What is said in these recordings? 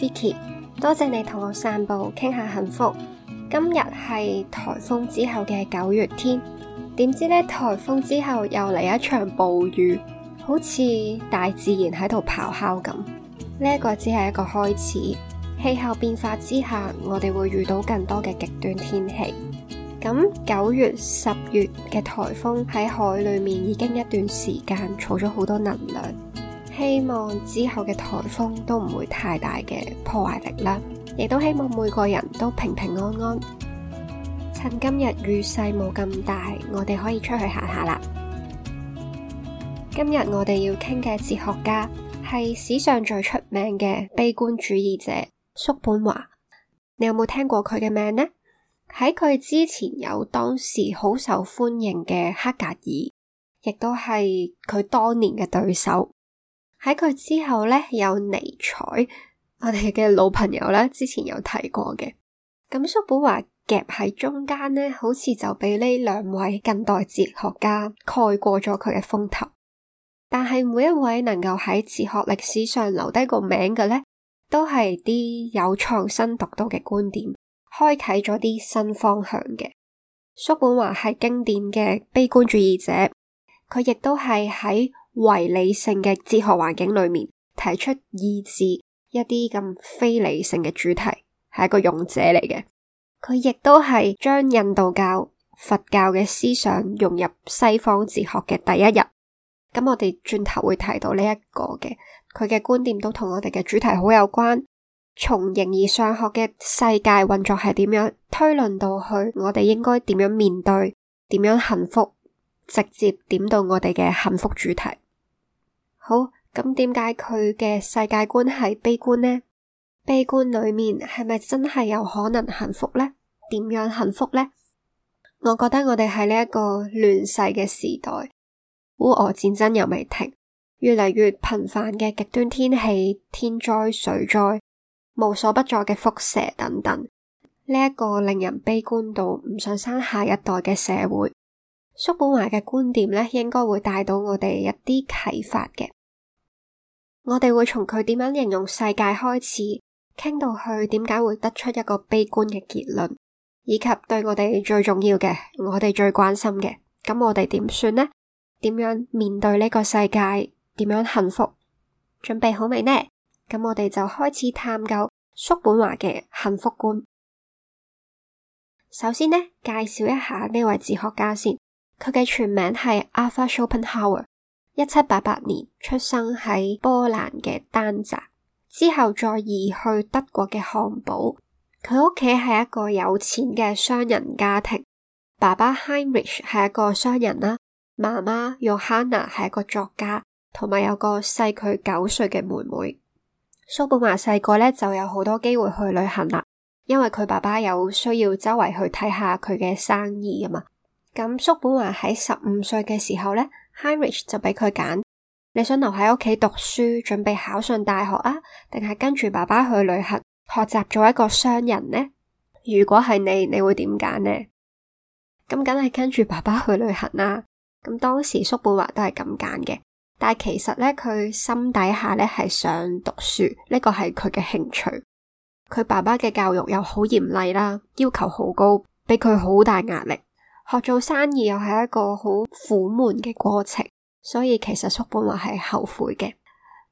Vicky，多謝你同我散步，傾下幸福。今日係台風之後嘅九月天，點知咧台風之後又嚟一場暴雨，好似大自然喺度咆哮咁。呢一個只係一個開始，氣候變化之下，我哋會遇到更多嘅極端天氣。咁九月、十月嘅台風喺海裏面已經一段時間儲咗好多能量。希望之後嘅台風都唔會太大嘅破壞力啦，亦都希望每個人都平平安安。趁今日雨勢冇咁大，我哋可以出去行下啦。今日我哋要傾嘅哲學家係史上最出名嘅悲觀主義者，叔本華。你有冇聽過佢嘅名呢？喺佢之前有當時好受歡迎嘅黑格爾，亦都係佢當年嘅對手。喺佢之後咧，有尼采，我哋嘅老朋友咧，之前有提過嘅。咁叔本華夾喺中間咧，好似就俾呢兩位近代哲學家蓋過咗佢嘅風頭。但係每一位能夠喺哲學歷史上留低個名嘅咧，都係啲有創新獨到嘅觀點，開啟咗啲新方向嘅。叔本華係經典嘅悲觀主義者，佢亦都係喺。唯理性嘅哲學環境裏面提出意志一啲咁非理性嘅主題，係一個勇者嚟嘅。佢亦都係將印度教、佛教嘅思想融入西方哲學嘅第一人。咁我哋轉頭會提到呢一個嘅，佢嘅觀點都同我哋嘅主題好有關。從形而上學嘅世界運作係點樣推論到去，我哋應該點樣面對？點樣幸福？直接點到我哋嘅幸福主題。好，咁點解佢嘅世界觀係悲觀呢？悲觀裏面係咪真係有可能幸福呢？點樣幸福呢？我覺得我哋喺呢一個亂世嘅時代，烏俄戰爭又未停，越嚟越頻繁嘅極端天氣、天災、水災、無所不在嘅輻射等等，呢一個令人悲觀到唔想生下一代嘅社會。叔本華嘅觀點咧，應該會帶到我哋一啲啟發嘅。我哋會從佢點樣形容世界開始，傾到佢點解會得出一個悲觀嘅結論，以及對我哋最重要嘅，我哋最關心嘅，咁我哋點算呢？點樣面對呢個世界？點樣幸福？準備好未呢？咁我哋就開始探究叔本華嘅幸福觀。首先呢，介紹一下呢位哲學家先。佢嘅全名係 Arthur Schopenhauer 一七八八年出生喺波蘭嘅丹澤，之後再移去德國嘅漢堡。佢屋企係一個有錢嘅商人家庭，爸爸 Heinrich 係一個商人啦，媽媽 Johanna 係一個作家，同埋有個細佢九歲嘅妹妹。叔本華細個咧就有好多機會去旅行啦，因為佢爸爸有需要周圍去睇下佢嘅生意啊嘛。咁叔本華喺十五歲嘅時候呢 Heinrich 就俾佢揀，你想留喺屋企讀書，準備考上大學啊，定係跟住爸爸去旅行，學習做一個商人呢？如果係你，你會點揀呢？咁梗係跟住爸爸去旅行啦。咁當時叔本華都係咁揀嘅，但係其實呢，佢心底下呢係想讀書，呢個係佢嘅興趣。佢爸爸嘅教育又好嚴厲啦，要求好高，畀佢好大壓力。學做生意又係一個好苦悶嘅過程，所以其實叔本華係後悔嘅。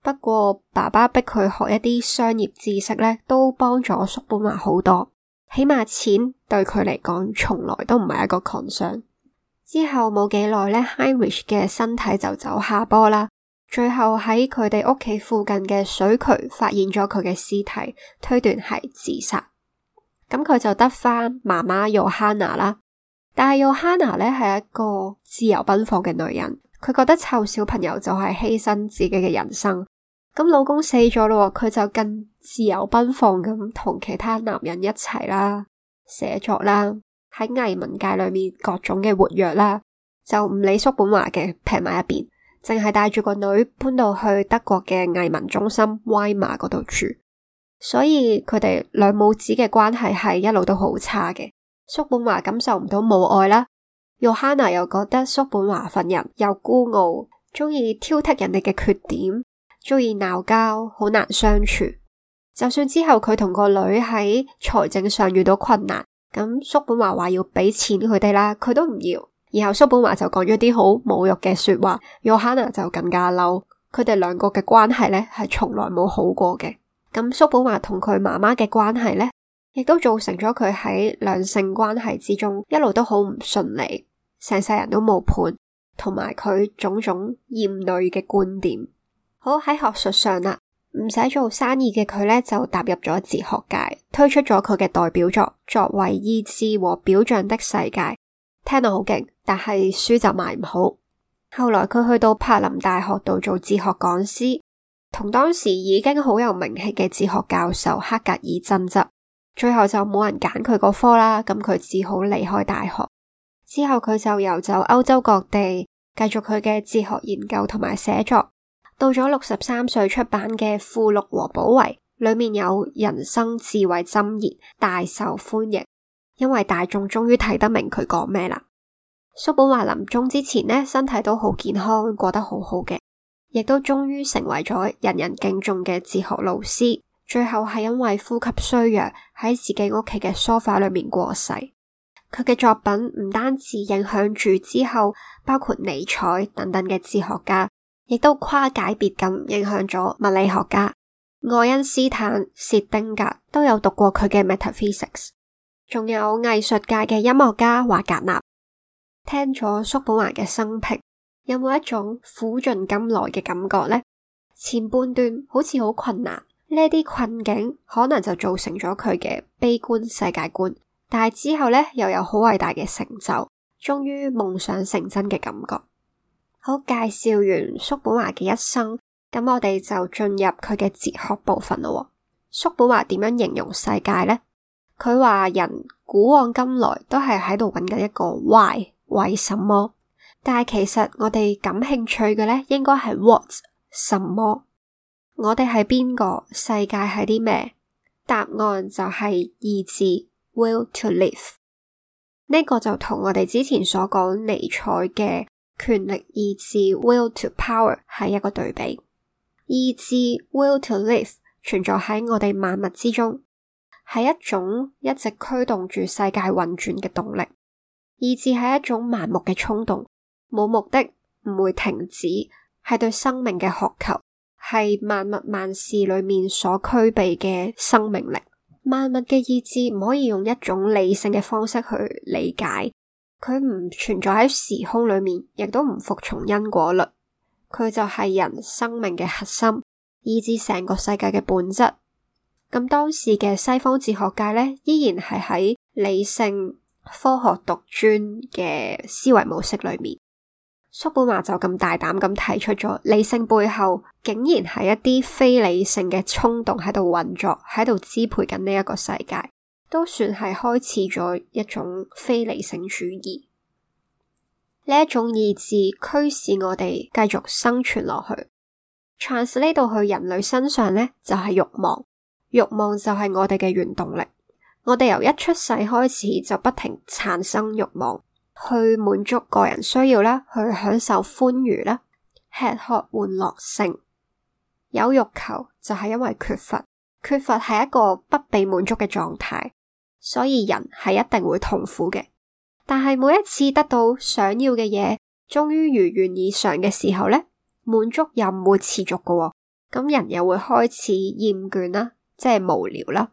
不過爸爸逼佢學一啲商業知識咧，都幫咗叔本華好多。起碼錢對佢嚟講，從來都唔係一個 concern。之後冇幾耐咧 h i n r i c h 嘅身體就走下坡啦。最後喺佢哋屋企附近嘅水渠發現咗佢嘅屍體，推斷係自殺。咁佢就得翻媽媽又 h a n a 啦。但係、oh，又 Hannah 咧係一個自由奔放嘅女人，佢覺得湊小朋友就係犧牲自己嘅人生。咁老公死咗咯，佢就更自由奔放咁同其他男人一齊啦，寫作啦，喺藝文界裏面各種嘅活躍啦，就唔理叔本華嘅撇埋一邊，淨係帶住個女搬到去德國嘅藝文中心威瑪嗰度住。所以佢哋兩母子嘅關係係一路都好差嘅。叔本華感受唔到母愛啦，約翰娜又覺得叔本華份人又孤傲，中意挑剔人哋嘅缺點，中意鬧交，好難相處。就算之後佢同個女喺財政上遇到困難，咁叔本華話要俾錢佢哋啦，佢都唔要。然後叔本華就講咗啲好侮辱嘅說話，約翰娜就更加嬲。佢哋兩個嘅關係呢，係從來冇好過嘅。咁叔本華同佢媽媽嘅關係呢？亦都造成咗佢喺兩性關係之中一路都好唔順利，成世人都冇伴，同埋佢種種厭女嘅觀點。好喺學術上啦，唔使做生意嘅佢咧就踏入咗哲學界，推出咗佢嘅代表作《作為意志和表象的世界》，聽落好勁，但係書就賣唔好。後來佢去到柏林大學度做哲學講師，同當時已經好有名氣嘅哲學教授黑格爾爭執。最後就冇人揀佢個科啦，咁佢只好離開大學。之後佢就游走歐洲各地，繼續佢嘅哲學研究同埋寫作。到咗六十三歲出版嘅《附錄和補遺》，裏面有人生智慧箴言，大受歡迎。因為大眾終於睇得明佢講咩啦。叔本華臨終之前呢，身體都好健康，過得好好嘅，亦都終於成為咗人人敬重嘅哲學老師。最後係因為呼吸衰弱喺自己屋企嘅 sofa 裏面過世。佢嘅作品唔單止影響住之後包括尼采等等嘅哲學家，亦都跨界別咁影響咗物理學家愛因斯坦、薛丁格都有讀過佢嘅 met《metaphysics》。仲有藝術界嘅音樂家華格納聽咗叔本華嘅生平，有冇一種苦盡甘來嘅感覺呢？前半段好似好困難。呢啲困境可能就造成咗佢嘅悲觀世界觀，但係之後呢，又有好偉大嘅成就，終於夢想成真嘅感覺。好，介紹完叔本華嘅一生，咁我哋就進入佢嘅哲學部分咯。叔本華點樣形容世界呢？佢話人古往今來都係喺度搵緊一個 Why 為什麼，但係其實我哋感興趣嘅呢，應該係 What 什麼。我哋係邊個？世界係啲咩？答案就係意志，will to live。呢個就同我哋之前所講尼采嘅權力意志，will to power，係一個對比。意志，will to live，存在喺我哋萬物之中，係一種一直驅動住世界運轉嘅動力。意志係一種盲目嘅衝動，冇目的，唔會停止，係對生命嘅渴求。係萬物萬事裏面所具備嘅生命力。萬物嘅意志唔可以用一種理性嘅方式去理解，佢唔存在喺時空裏面，亦都唔服從因果律，佢就係人生命嘅核心，以至成個世界嘅本質。咁當時嘅西方哲學界呢，依然係喺理性、科學獨尊嘅思維模式裏面。叔本華就咁大膽咁提出咗，理性背後竟然係一啲非理性嘅衝動喺度運作，喺度支配緊呢一個世界，都算係開始咗一種非理性主義。呢一種意志驅使我哋繼續生存落去。trans 呢度去人類身上呢，就係欲望，欲望就係我哋嘅原動力。我哋由一出世開始就不停產生欲望。去滿足個人需要啦，去享受歡愉啦，吃喝玩樂性。有欲求就係因為缺乏，缺乏係一個不被滿足嘅狀態，所以人係一定會痛苦嘅。但係每一次得到想要嘅嘢，終於如願以償嘅時候呢，滿足又唔會持續嘅，咁人又會開始厭倦啦，即係無聊啦，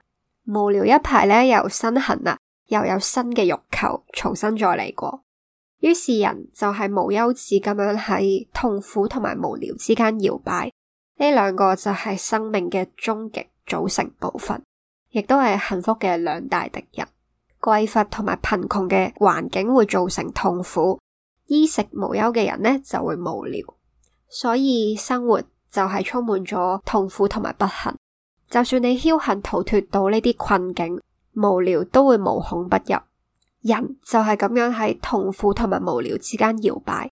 無聊一排呢，又身痕啦。又有新嘅欲求，重新再嚟過。於是人就係無休止咁樣喺痛苦同埋無聊之間搖擺。呢兩個就係生命嘅終極組成部分，亦都係幸福嘅兩大敵人。匱乏同埋貧窮嘅環境會造成痛苦，衣食無憂嘅人呢就會無聊。所以生活就係充滿咗痛苦同埋不幸。就算你僥倖逃脫到呢啲困境，無聊都會無孔不入，人就係咁樣喺痛苦同埋無聊之間搖擺，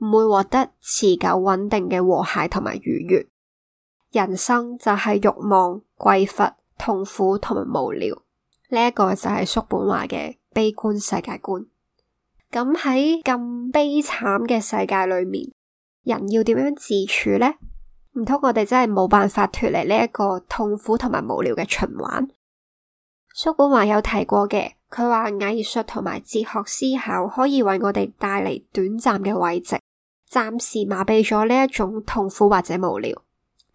唔會獲得持久穩定嘅和諧同埋愉悅。人生就係欲望、匱乏、痛苦同埋無聊，呢一個就係叔本華嘅悲觀世界觀。咁喺咁悲慘嘅世界裏面，人要點樣自處呢？唔通我哋真係冇辦法脫離呢一個痛苦同埋無聊嘅循環？叔本華有提過嘅，佢話藝術同埋哲學思考可以為我哋帶嚟短暫嘅慰藉，暫時麻痹咗呢一種痛苦或者無聊，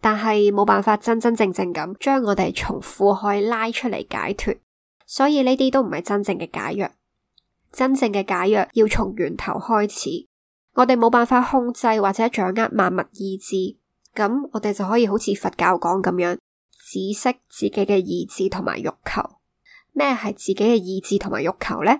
但係冇辦法真真正正咁將我哋從苦海拉出嚟解脫。所以呢啲都唔係真正嘅解藥，真正嘅解藥要從源頭開始。我哋冇辦法控制或者掌握萬物意志，咁我哋就可以好似佛教講咁樣，止息自己嘅意志同埋欲求。咩係自己嘅意志同埋欲求呢？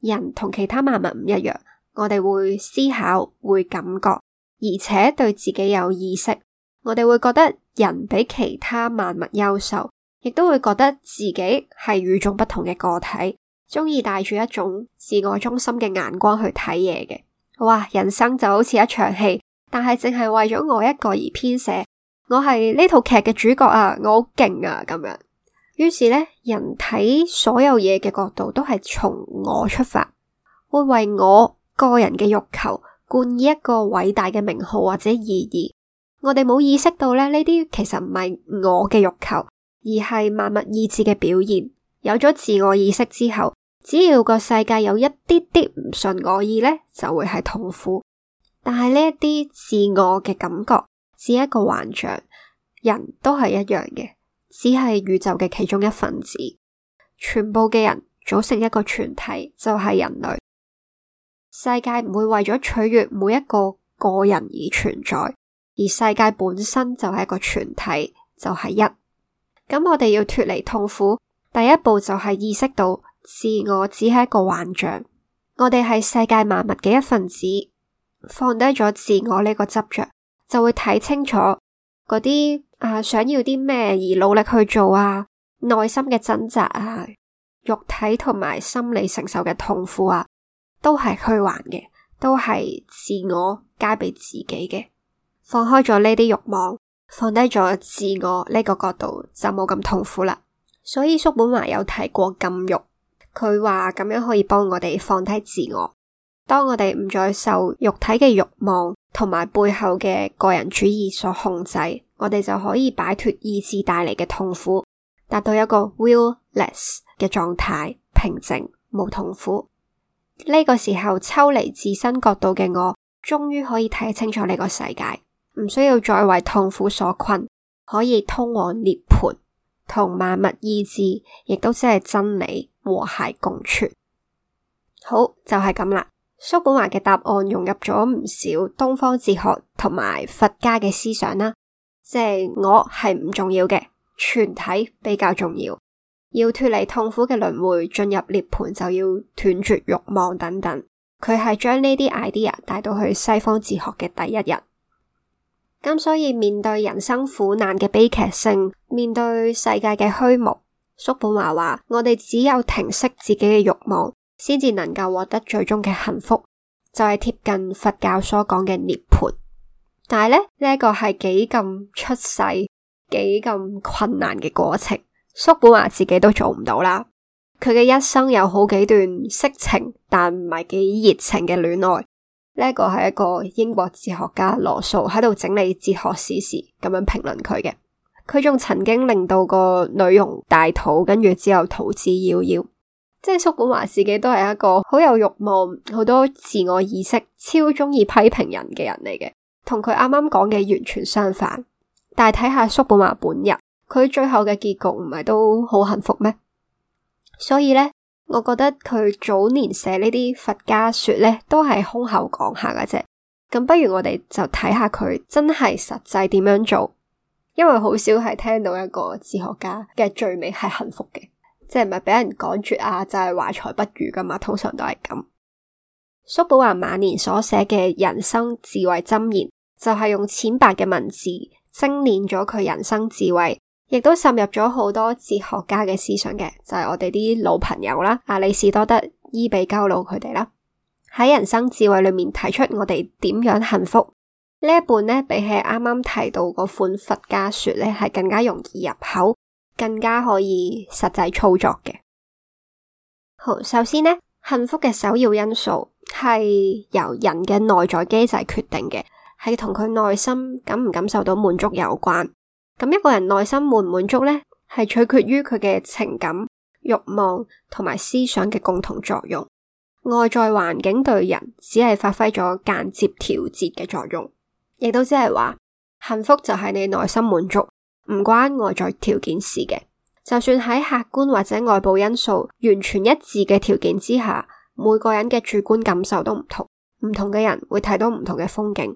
人同其他萬物唔一樣，我哋會思考、會感覺，而且對自己有意識。我哋會覺得人比其他萬物優秀，亦都會覺得自己係與眾不同嘅個體，中意帶住一種自我中心嘅眼光去睇嘢嘅。哇！人生就好似一場戲，但係淨係為咗我一個而編寫。我係呢套劇嘅主角啊！我好勁啊！咁樣。於是咧，人體所有嘢嘅角度都係從我出發，會為我個人嘅欲求冠以一個偉大嘅名號或者意義。我哋冇意識到咧，呢啲其實唔係我嘅欲求，而係萬物意志嘅表現。有咗自我意識之後，只要個世界有一啲啲唔順我意咧，就會係痛苦。但係呢一啲自我嘅感覺只係一個幻象，人都係一樣嘅。只係宇宙嘅其中一份子，全部嘅人組成一個全體，就係人類。世界唔會為咗取悅每一個個人而存在，而世界本身就係一個全體，就係一。咁我哋要脫離痛苦，第一步就係意識到自我只係一個幻象，我哋係世界萬物嘅一份子，放低咗自我呢個執着，就會睇清楚嗰啲。啊！想要啲咩而努力去做啊？內心嘅掙扎啊，肉體同埋心理承受嘅痛苦啊，都係虛幻嘅，都係自我加俾自己嘅。放開咗呢啲慾望，放低咗自我呢個角度，就冇咁痛苦啦。所以叔本華有提過禁慾，佢話咁樣可以幫我哋放低自我。當我哋唔再受肉體嘅慾望同埋背後嘅個人主義所控制。我哋就可以擺脫意志帶嚟嘅痛苦，達到一個 willless 嘅狀態，平靜冇痛苦。呢個時候抽離自身角度嘅我，終於可以睇清楚呢個世界，唔需要再為痛苦所困，可以通往涅槃，同萬物意志亦都只係真理和諧共存。好，就係咁啦。叔本華嘅答案融入咗唔少東方哲學同埋佛家嘅思想啦。即係我係唔重要嘅，全體比較重要。要脫離痛苦嘅輪迴，進入涅盤就要斷絕慾望等等。佢係將呢啲 idea 帶到去西方哲學嘅第一人。咁所以面對人生苦難嘅悲劇性，面對世界嘅虛無，叔本華話：我哋只有停息自己嘅慾望，先至能夠獲得最終嘅幸福，就係、是、貼近佛教所講嘅涅盤。但係咧，呢一個係幾咁出世、幾咁困難嘅過程，叔本華自己都做唔到啦。佢嘅一生有好幾段色情，但唔係幾熱情嘅戀愛。呢一個係一個英國哲學家羅素喺度整理哲學史時咁樣評論佢嘅。佢仲曾經令到個女傭大肚，跟住之後逃之夭夭。即係叔本華自己都係一個好有慾望、好多自我意識、超中意批評人嘅人嚟嘅。同佢啱啱講嘅完全相反，但係睇下叔本華本人，佢最後嘅結局唔係都好幸福咩？所以呢，我覺得佢早年寫呢啲佛家說呢都係空口講下嘅啫。咁不如我哋就睇下佢真係實際點樣做，因為好少係聽到一個哲學家嘅罪名係幸福嘅，即係唔係俾人講絕啊，就係、是、懷才不遇噶嘛，通常都係咁。叔本華晚年所寫嘅人生智慧箴言。就係用淺白嘅文字精煉咗佢人生智慧，亦都滲入咗好多哲學家嘅思想嘅，就係、是、我哋啲老朋友啦，亞里士多德、伊比鳩魯佢哋啦。喺人生智慧裏面提出我哋點樣幸福本呢？一半咧比起啱啱提到嗰款佛家說咧，係更加容易入口，更加可以實際操作嘅。好，首先咧，幸福嘅首要因素係由人嘅內在機制決定嘅。係同佢內心感唔感受到滿足有關。咁一個人內心滿唔滿足咧，係取決於佢嘅情感、慾望同埋思想嘅共同作用。外在環境對人只係發揮咗間接調節嘅作用，亦都即係話幸福就係你內心滿足，唔關外在條件事嘅。就算喺客觀或者外部因素完全一致嘅條件之下，每個人嘅主觀感受都唔同，唔同嘅人會睇到唔同嘅風景。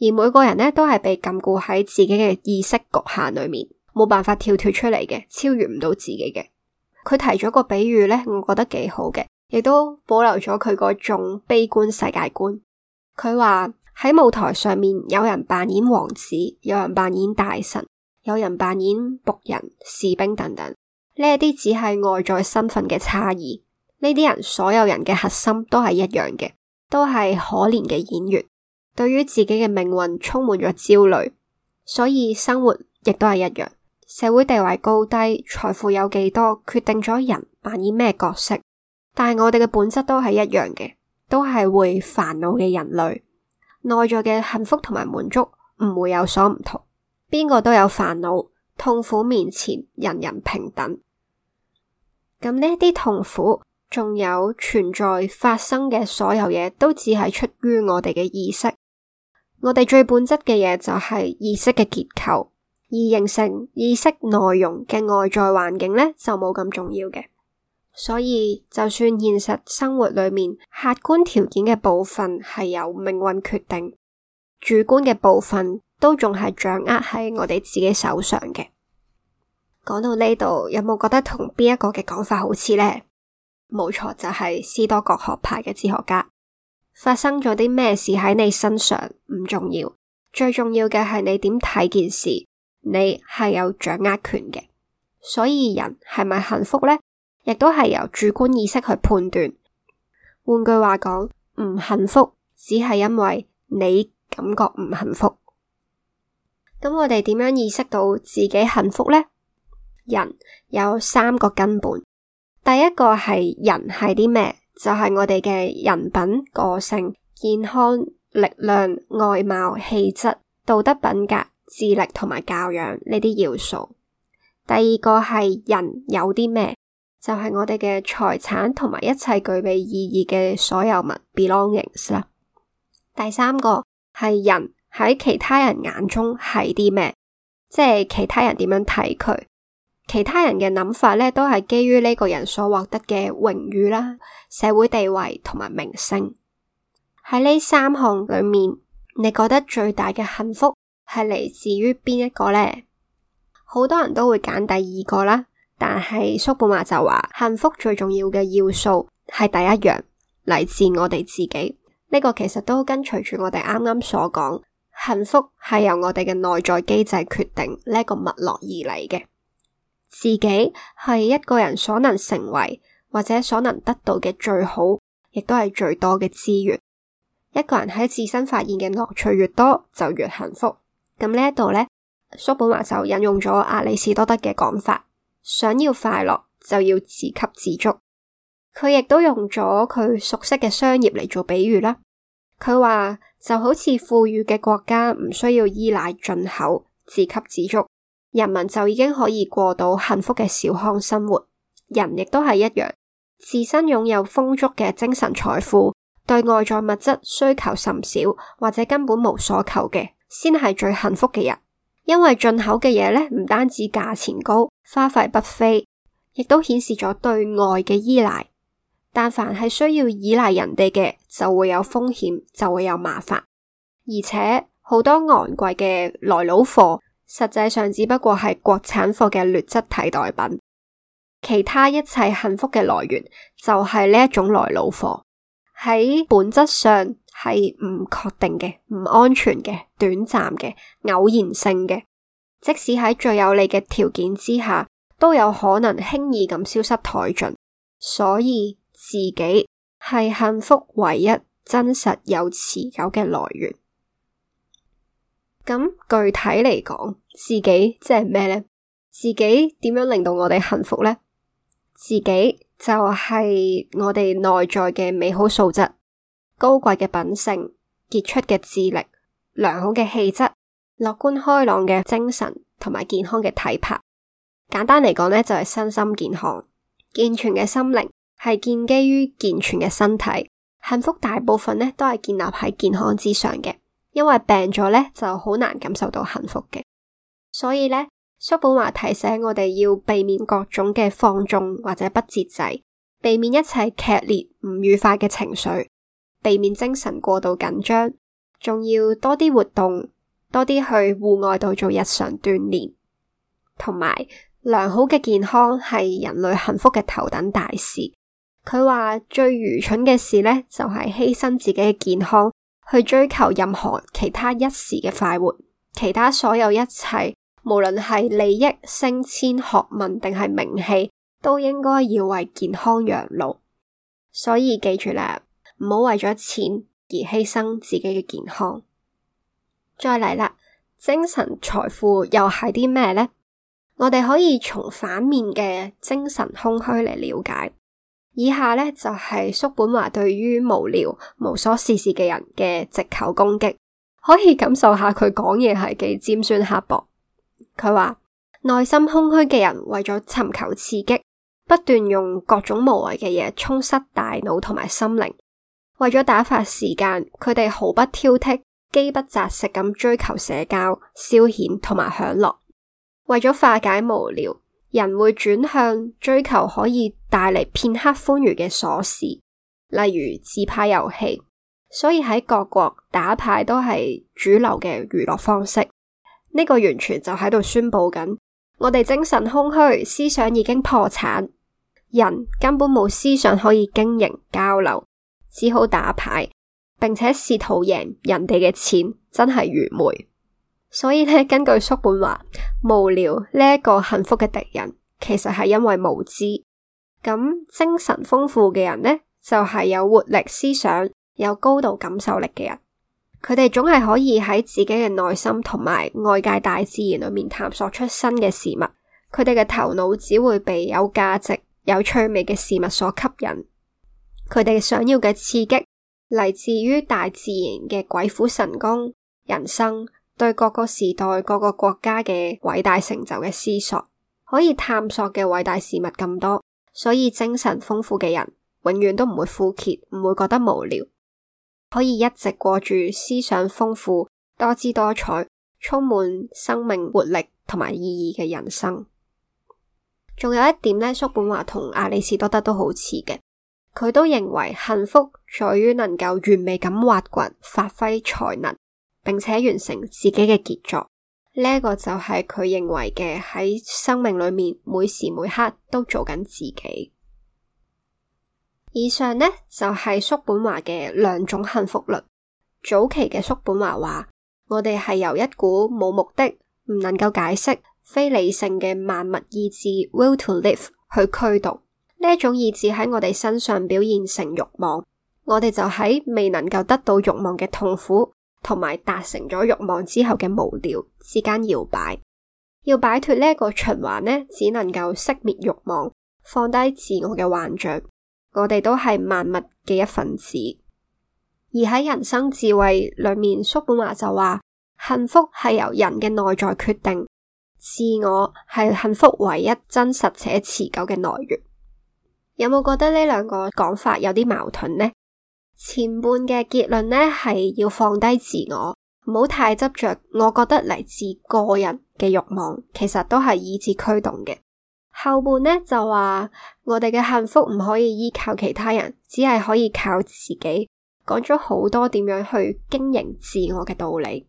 而每個人咧都係被禁錮喺自己嘅意識局限裏面，冇辦法跳脫出嚟嘅，超越唔到自己嘅。佢提咗個比喻咧，我覺得幾好嘅，亦都保留咗佢嗰種悲觀世界觀。佢話喺舞台上面，有人扮演王子，有人扮演大臣，有人扮演僕人、士兵等等，呢一啲只係外在身份嘅差異，呢啲人所有人嘅核心都係一樣嘅，都係可憐嘅演員。對於自己嘅命運充滿咗焦慮，所以生活亦都係一樣。社會地位高低、財富有幾多，決定咗人扮演咩角色。但係我哋嘅本質都係一樣嘅，都係會煩惱嘅人類。內在嘅幸福同埋滿足唔會有所唔同，邊個都有煩惱。痛苦面前，人人平等。咁呢啲痛苦，仲有存在發生嘅所有嘢，都只係出於我哋嘅意識。我哋最本質嘅嘢，就係意識嘅結構，而形成意識內容嘅外在環境呢，就冇咁重要嘅。所以就算現實生活裏面客觀條件嘅部分係由命運決定，主觀嘅部分都仲係掌握喺我哋自己手上嘅。講到呢度，有冇覺得同邊一個嘅講法好似呢？冇錯，就係斯多葛學派嘅哲學家。發生咗啲咩事喺你身上唔重要，最重要嘅係你點睇件事，你係有掌握權嘅。所以人係咪幸福咧，亦都係由主觀意識去判斷。換句話講，唔幸福只係因為你感覺唔幸福。咁我哋點樣意識到自己幸福咧？人有三個根本，第一個係人係啲咩？就係我哋嘅人品、個性、健康、力量、外貌、氣質、道德品格、智力同埋教養呢啲要素。第二個係人有啲咩？就係我哋嘅財產同埋一切具備意義嘅所有物 （belongings） 啦。第三個係人喺其他人眼中係啲咩？即係其他人點樣睇佢？其他人嘅諗法咧，都係基於呢個人所獲得嘅榮譽啦、社會地位同埋名聲。喺呢三項裏面，你覺得最大嘅幸福係嚟自於邊一個咧？好多人都會揀第二個啦，但係叔本華就話幸福最重要嘅要素係第一樣嚟自我哋自己。呢、這個其實都跟隨住我哋啱啱所講，幸福係由我哋嘅內在機制決定呢、這個脈絡而嚟嘅。自己係一個人所能成為或者所能得到嘅最好，亦都係最多嘅資源。一個人喺自身發現嘅樂趣越多，就越幸福。咁呢一度呢，叔本華就引用咗亞里士多德嘅講法：想要快樂就要自給自足。佢亦都用咗佢熟悉嘅商業嚟做比喻啦。佢話就好似富裕嘅國家唔需要依賴進口，自給自足。人民就已經可以過到幸福嘅小康生活，人亦都係一樣，自身擁有豐足嘅精神財富，對外在物質需求甚少或者根本無所求嘅，先係最幸福嘅人。因為進口嘅嘢咧，唔單止價錢高，花費不菲，亦都顯示咗對外嘅依賴。但凡係需要依賴人哋嘅，就會有風險，就會有麻煩，而且好多昂貴嘅來佬貨。實際上只不過係國產貨嘅劣質替代品。其他一切幸福嘅來源就係呢一種來路貨，喺本質上係唔確定嘅、唔安全嘅、短暫嘅、偶然性嘅，即使喺最有利嘅條件之下，都有可能輕易咁消失殆盡。所以自己係幸福唯一真實又持久嘅來源。咁具體嚟講，自己即係咩咧？自己點樣令到我哋幸福咧？自己就係我哋內在嘅美好素質、高貴嘅品性、傑出嘅智力、良好嘅氣質、樂觀開朗嘅精神同埋健康嘅體魄。簡單嚟講咧，就係身心健康。健全嘅心靈，係建基於健全嘅身體。幸福大部分咧都係建立喺健康之上嘅。因為病咗咧，就好難感受到幸福嘅。所以咧，叔本華提醒我哋要避免各種嘅放縱或者不節制，避免一切劇烈唔愉快嘅情緒，避免精神過度緊張，仲要多啲活動，多啲去戶外度做日常鍛煉，同埋良好嘅健康係人類幸福嘅頭等大事。佢話最愚蠢嘅事咧，就係犧牲自己嘅健康。去追求任何其他一時嘅快活，其他所有一切，無論係利益、升遷、學問定係名氣，都應該要為健康讓路。所以記住啦，唔好為咗錢而犧牲自己嘅健康。再嚟啦，精神財富又係啲咩咧？我哋可以從反面嘅精神空虛嚟了解。以下呢，就係、是、叔本華對於無聊無所事事嘅人嘅直球攻擊，可以感受下佢講嘢係幾尖酸刻薄。佢話內心空虛嘅人為咗尋求刺激，不斷用各種無謂嘅嘢充塞大腦同埋心靈，為咗打發時間，佢哋毫不挑剔、飢不擇食咁追求社交、消遣同埋享樂，為咗化解無聊。人會轉向追求可以帶嚟片刻歡愉嘅瑣事，例如自拍遊戲，所以喺各國打牌都係主流嘅娛樂方式。呢、這個完全就喺度宣布緊，我哋精神空虛，思想已經破產，人根本冇思想可以經營交流，只好打牌，並且試圖贏人哋嘅錢，真係愚昧。所以咧，根據叔本華，無聊呢一，這個幸福嘅敵人，其實係因為無知。咁精神豐富嘅人呢，就係、是、有活力、思想有高度感受力嘅人。佢哋總係可以喺自己嘅內心同埋外界大自然裏面探索出新嘅事物。佢哋嘅頭腦只會被有價值、有趣味嘅事物所吸引。佢哋想要嘅刺激嚟自於大自然嘅鬼斧神工，人生。對各個時代、各個國家嘅偉大成就嘅思索，可以探索嘅偉大事物咁多，所以精神豐富嘅人，永遠都唔會枯竭，唔會覺得無聊，可以一直過住思想豐富、多姿多彩、充滿生命活力同埋意義嘅人生。仲有一點呢，叔本華同亞里士多德都好似嘅，佢都認為幸福在於能夠完美咁挖掘、發揮才能。並且完成自己嘅傑作，呢、這、一個就係佢認為嘅喺生命裏面每時每刻都做緊自己。以上呢就係、是、叔本華嘅兩種幸福論。早期嘅叔本華話：我哋係由一股冇目的、唔能夠解釋、非理性嘅萬物意志 （will to live） 去驅動。呢一種意志喺我哋身上表現成欲望，我哋就喺未能夠得到欲望嘅痛苦。同埋達成咗欲望之後嘅無聊之間搖擺，要擺脫呢個循環呢，只能夠熄滅欲望，放低自我嘅幻象。我哋都係萬物嘅一份子。而喺人生智慧裏面，叔本華就話：幸福係由人嘅內在決定，自我係幸福唯一真實且持久嘅來源。有冇覺得呢兩個講法有啲矛盾呢？前半嘅結論咧係要放低自我，唔好太執着。我覺得嚟自個人嘅欲望，其實都係意志驅動嘅。後半咧就話我哋嘅幸福唔可以依靠其他人，只係可以靠自己。講咗好多點樣去經營自我嘅道理，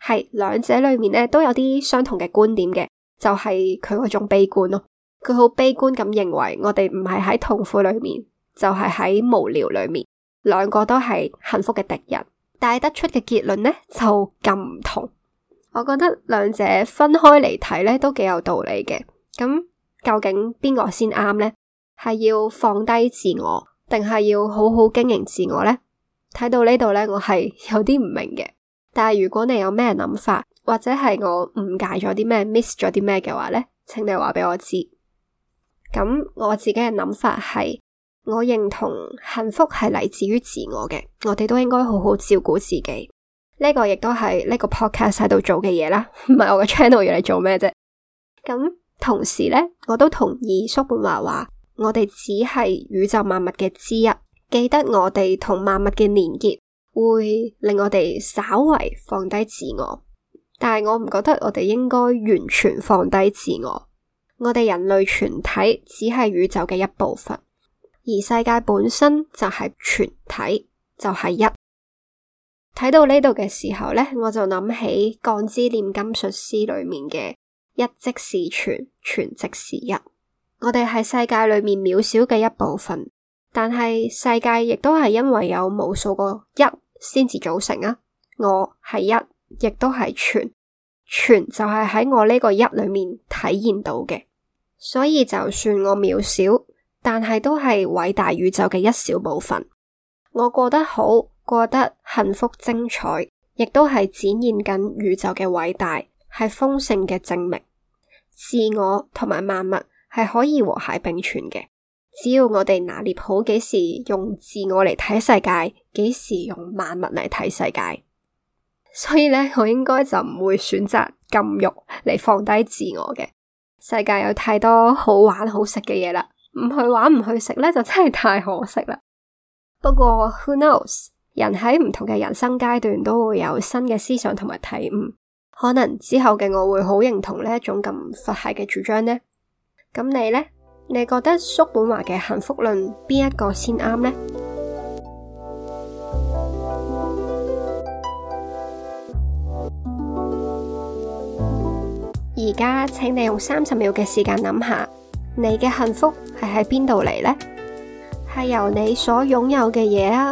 係兩者裏面咧都有啲相同嘅觀點嘅，就係佢嗰種悲觀咯。佢好悲觀咁認為，我哋唔係喺痛苦裏面，就係喺無聊裏面。兩個都係幸福嘅敵人，但得出嘅結論呢就咁唔同。我覺得兩者分開嚟睇，呢都幾有道理嘅。咁究竟邊個先啱呢？係要放低自我，定係要好好經營自我呢？睇到呢度呢，我係有啲唔明嘅。但係如果你有咩諗法，或者係我誤解咗啲咩，miss 咗啲咩嘅話呢，請你話俾我知。咁我自己嘅諗法係。我認同幸福係嚟自於自我嘅，我哋都應該好好照顧自己。呢、呢個亦都係呢個 podcast 喺度做嘅嘢啦，唔 係我嘅 channel 要嚟做咩啫？咁、嗯、同時呢，我都同意叔本華話：我哋只係宇宙萬物嘅之一，記得我哋同萬物嘅連結，會令我哋稍為放低自我。但係我唔覺得我哋應該完全放低自我。我哋人類全體只係宇宙嘅一部分。而世界本身就係全體，就係一。睇到呢度嘅時候咧，我就諗起《鋼之煉金術師》裏面嘅一即是全，全即是一。我哋係世界裏面渺小嘅一部分，但係世界亦都係因為有無數個一先至組成啊。我係一，亦都係全，全就係喺我呢個一裏面體現到嘅。所以就算我渺小，但係都係偉大宇宙嘅一小部分。我過得好，過得幸福精彩，亦都係展現緊宇宙嘅偉大，係豐盛嘅證明。自我同埋萬物係可以和諧並存嘅。只要我哋拿捏好幾時用自我嚟睇世界，幾時用萬物嚟睇世界。所以咧，我應該就唔會選擇禁慾嚟，放低自我嘅。世界有太多好玩好食嘅嘢啦。唔去玩唔去食咧，就真係太可惜啦。不過 who knows，人喺唔同嘅人生階段都會有新嘅思想同埋體悟，可能之後嘅我會好認同呢一種咁佛系嘅主張呢。咁你呢？你覺得叔本華嘅幸福論邊一個先啱呢？而家 請你用三十秒嘅時間諗下。你嘅幸福係喺邊度嚟呢？係由你所擁有嘅嘢啊，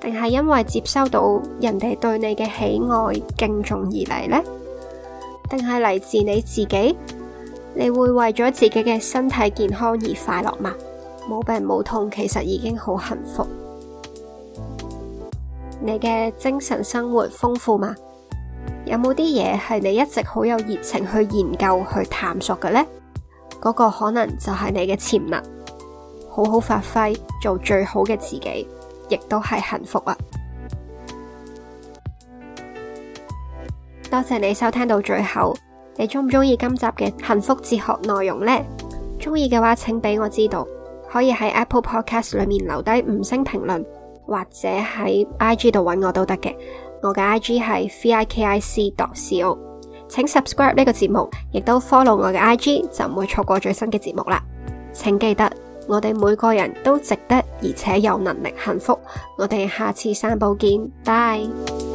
定係因為接收到人哋對你嘅喜愛敬重而嚟呢？定係嚟自你自己？你會為咗自己嘅身體健康而快樂嘛？冇病冇痛，其實已經好幸福。你嘅精神生活豐富嘛？有冇啲嘢係你一直好有熱情去研究，去探索嘅呢？嗰個可能就係你嘅潛能，好好發揮，做最好嘅自己，亦都係幸福啊！多謝你收聽到最後，你鍾唔鍾意今集嘅幸福哲學內容呢？鍾意嘅話，請俾我知道，可以喺 Apple Podcast 裏面留低五星評論，或者喺 IG 度揾我都得嘅。我嘅 IG 係 vikic.co d o。請 subscribe 呢個節目，亦都 follow 我嘅 IG，就唔會錯過最新嘅節目啦。請記得，我哋每個人都值得，而且有能力幸福。我哋下次散步見，Bye。